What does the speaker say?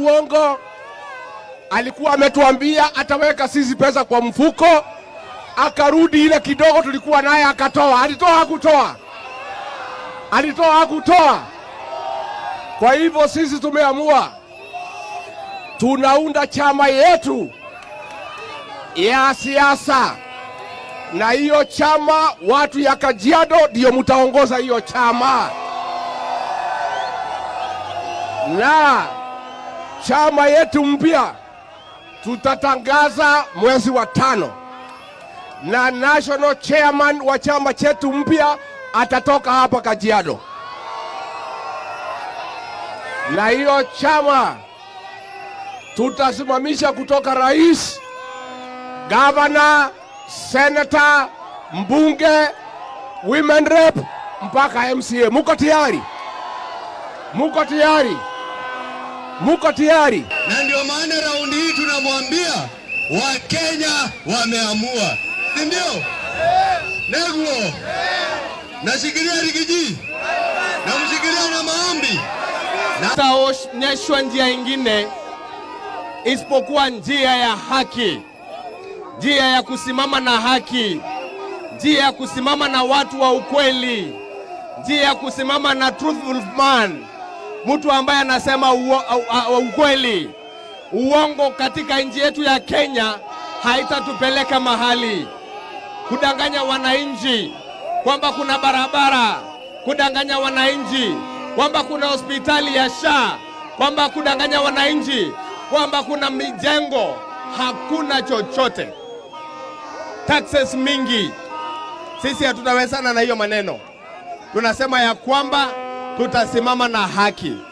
uongo. Alikuwa ametuambia ataweka sisi pesa kwa mfuko, akarudi ile kidogo tulikuwa naye akatoa. Alitoa hakutoa? Alitoa hakutoa? Kwa hivyo sisi tumeamua tunaunda chama yetu ya siasa, na hiyo chama watu ya Kajiado ndiyo mutaongoza hiyo chama na chama yetu mpya tutatangaza mwezi wa tano, na national chairman wa chama chetu mpya atatoka hapa Kajiado, na hiyo chama tutasimamisha kutoka rais, gavana, senata, mbunge, women rep mpaka MCA. Muko tayari? Muko tayari? muko tayari? Na ndio maana raundi hii tunamwambia Wakenya wameamua, si ndio? Neguo nashikilia rigiji namshikilia na maombi, taonyeshwa njia ingine isipokuwa njia ya haki, njia ya kusimama na haki, njia ya kusimama na watu wa ukweli, njia ya kusimama na truthful man mtu ambaye anasema ukweli. Uongo katika nchi yetu ya Kenya haitatupeleka mahali. Kudanganya wananchi kwamba kuna barabara, kudanganya wananchi kwamba kuna hospitali ya SHA, kwamba kudanganya wananchi kwamba kuna mijengo, hakuna chochote. Taxes mingi, sisi hatutawezana na hiyo maneno. Tunasema ya kwamba tutasimama na haki.